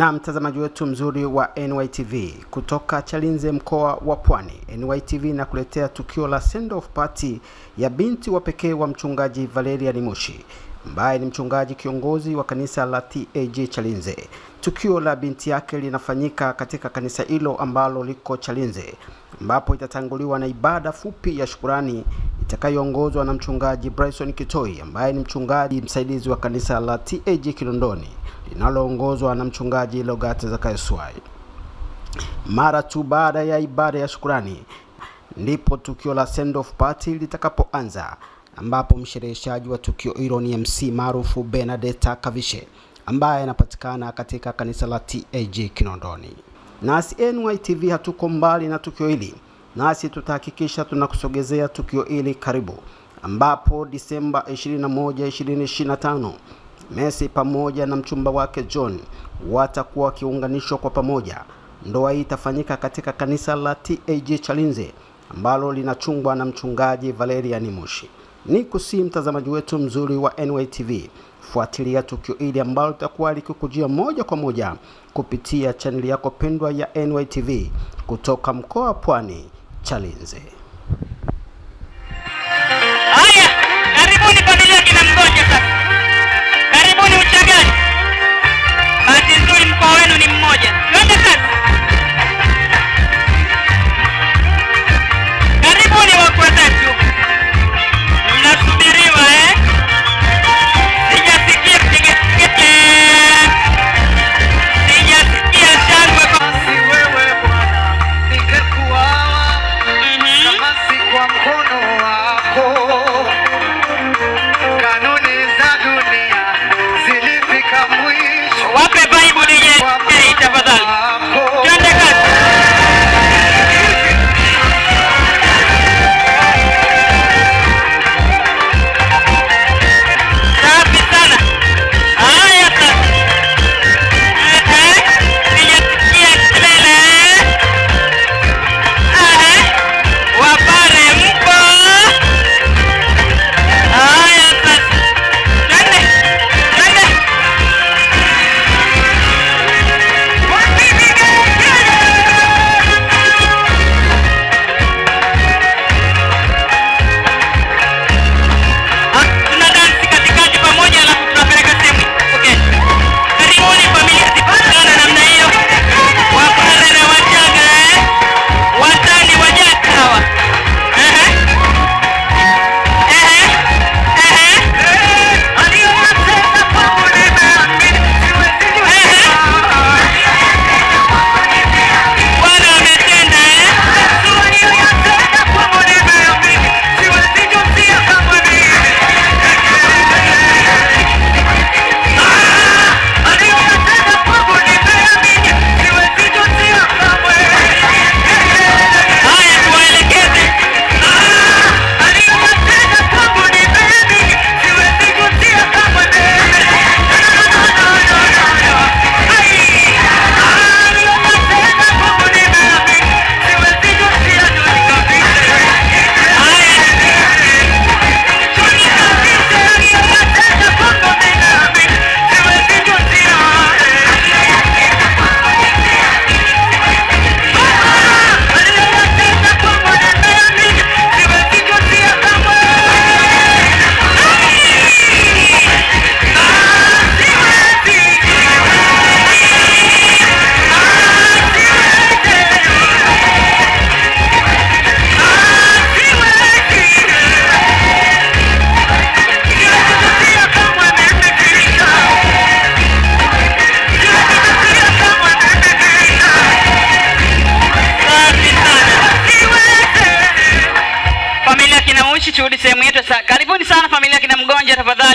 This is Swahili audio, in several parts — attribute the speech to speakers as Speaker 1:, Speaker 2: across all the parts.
Speaker 1: Na mtazamaji wetu mzuri wa NYTV kutoka Chalinze mkoa wa Pwani, NYTV inakuletea tukio la send off party ya binti wa pekee wa mchungaji valeria nimushi ambaye ni mchungaji kiongozi wa kanisa la TAG Chalinze. Tukio la binti yake linafanyika katika kanisa hilo ambalo liko Chalinze, ambapo itatanguliwa na ibada fupi ya shukurani itakayoongozwa na mchungaji Bryson Kitoi ambaye ni mchungaji msaidizi wa kanisa la TAG Kinondoni linaloongozwa na mchungaji logate Zakayo Swai. Mara tu baada ya ibada ya shukurani ndipo tukio la send off party litakapoanza ambapo mshereheshaji wa tukio hilo ni MC maarufu Benadetta Kavishe ambaye anapatikana katika kanisa la TAG Kinondoni. Nasi TV hatuko mbali na tukio hili nasi tutahakikisha tunakusogezea tukio hili karibu, ambapo Disemba 21, 2025 Messi pamoja na mchumba wake John watakuwa wakiunganishwa kwa pamoja. Ndoa hii itafanyika katika kanisa la TAG Chalinze ambalo linachungwa na mchungaji Valerian Mushi. Ni kusii mtazamaji wetu mzuri wa NYTV, fuatilia tukio hili ambalo litakuwa likikujia moja kwa moja kupitia chaneli yako pendwa ya NYTV kutoka mkoa wa Pwani. challenge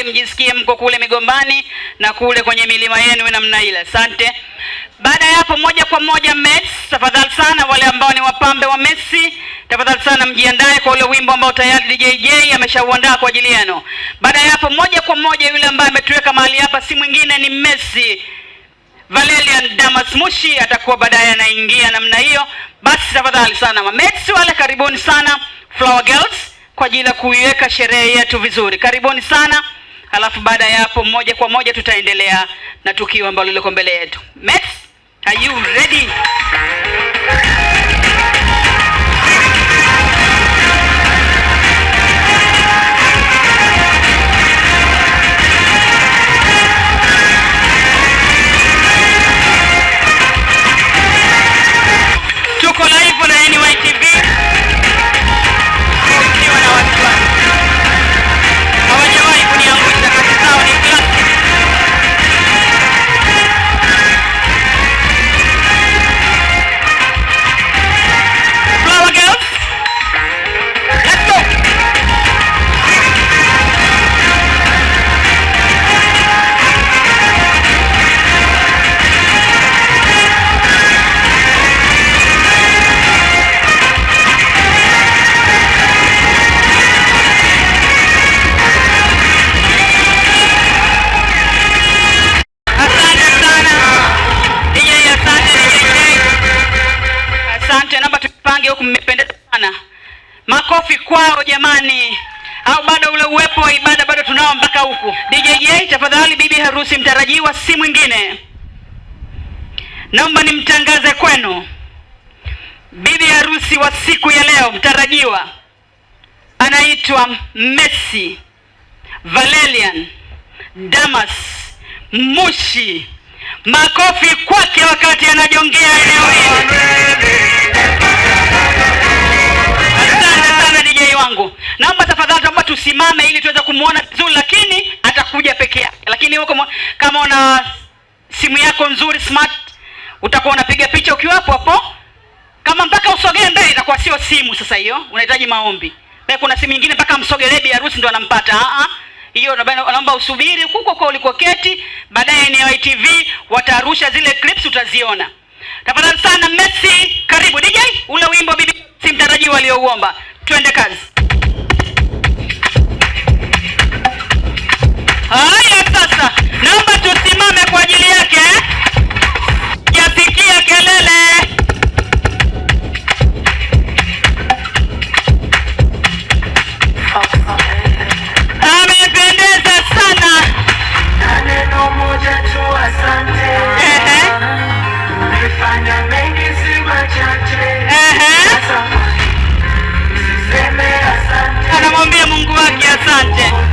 Speaker 1: mbalimbali, mjisikie mko kule migombani na kule kwenye milima yenu namna ile. Asante. Baada ya hapo, moja kwa moja Messi, tafadhali sana wale ambao ni wapambe wa Messi, tafadhali sana mjiandae kwa ule wimbo ambao tayari DJ J ameshauandaa kwa ajili yenu. Baada ya hapo, moja kwa moja yule ambaye ametuweka mahali hapa si mwingine ni Messi Valerian Damas Mushi atakuwa baadaye anaingia namna hiyo. Basi tafadhali sana mamexi wale, karibuni sana Flower Girls kwa ajili ya kuiweka sherehe yetu vizuri. Karibuni sana halafu baada ya hapo moja kwa moja tutaendelea na tukio ambalo liko mbele yetu. Mets, are you ready? nyumbani au bado ule uwepo wa ibada bado tunao mpaka huku. DJJ, tafadhali, bibi harusi mtarajiwa si mwingine, naomba nimtangaze kwenu bibi harusi wa siku ya leo mtarajiwa, anaitwa Messi Valerian Damas Mushi. Makofi kwake wakati anajongea eneo hili. Asante sana DJ wangu naomba tafadhali, tuomba tusimame ili tuweze kumwona vizuri, lakini atakuja peke yake. Lakini huko kama una simu yako nzuri smart, utakuwa unapiga picha ukiwa hapo hapo. Kama mpaka usogee mbele, itakuwa sio simu. Sasa hiyo unahitaji maombi. Kuna simu nyingine mpaka msogelee bi harusi ndo anampata. a ah, a ah. hiyo naomba usubiri huko kwa keti Baadaye ni ITV watarusha zile clips, utaziona. Tafadhali sana Messi, karibu DJ, ule wimbo bibi simtarajiwa aliouomba twende kazi. kubaki. Asante.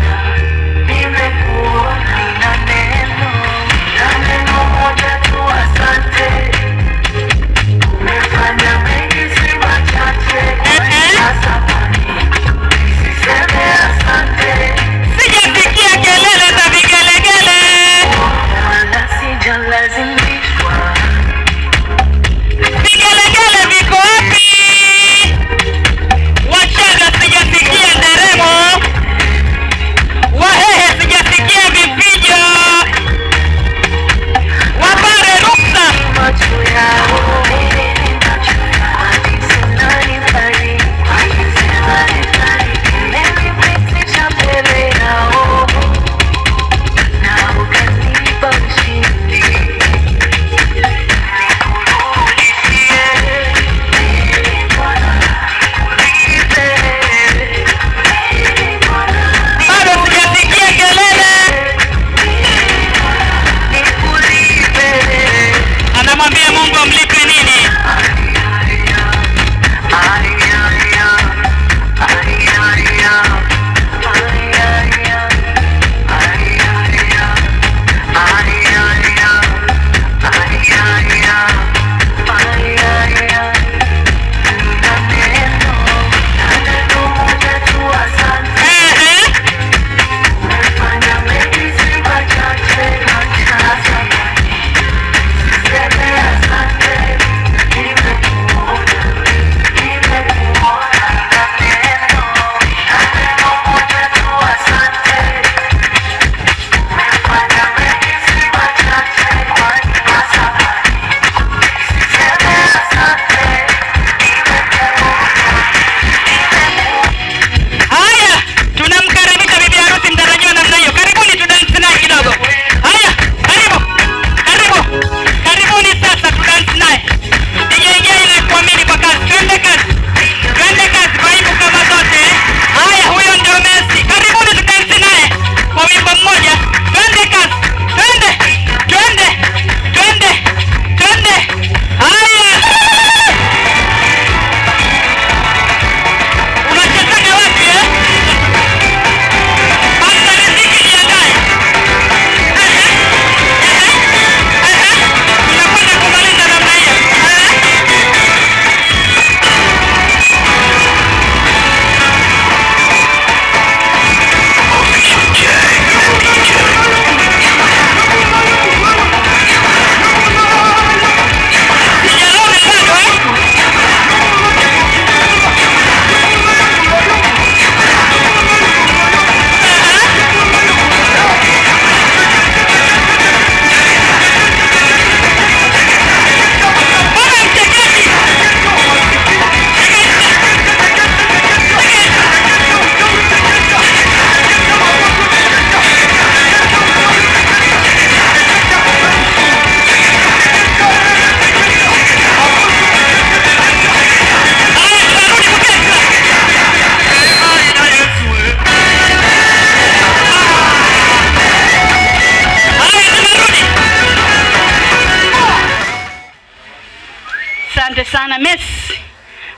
Speaker 1: na Messi,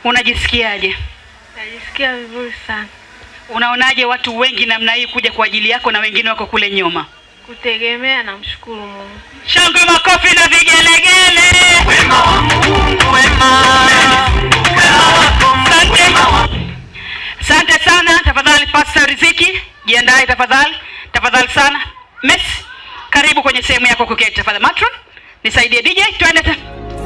Speaker 1: unajisikiaje?
Speaker 2: Najisikia vizuri sana.
Speaker 1: Unaonaje watu wengi namna hii kuja kwa ajili yako na wengine wako kule nyuma?
Speaker 2: Kutegemea na mshukuru Mungu.
Speaker 1: Shangwe, makofi na vigelegele.
Speaker 3: Wema wa Mungu, wema.
Speaker 1: Asante sana, tafadhali Pastor Riziki, jiandae tafadhali, tafadhali sana. Messi, karibu kwenye sehemu yako kuketi tafadhali. Matron, nisaidie DJ, twende.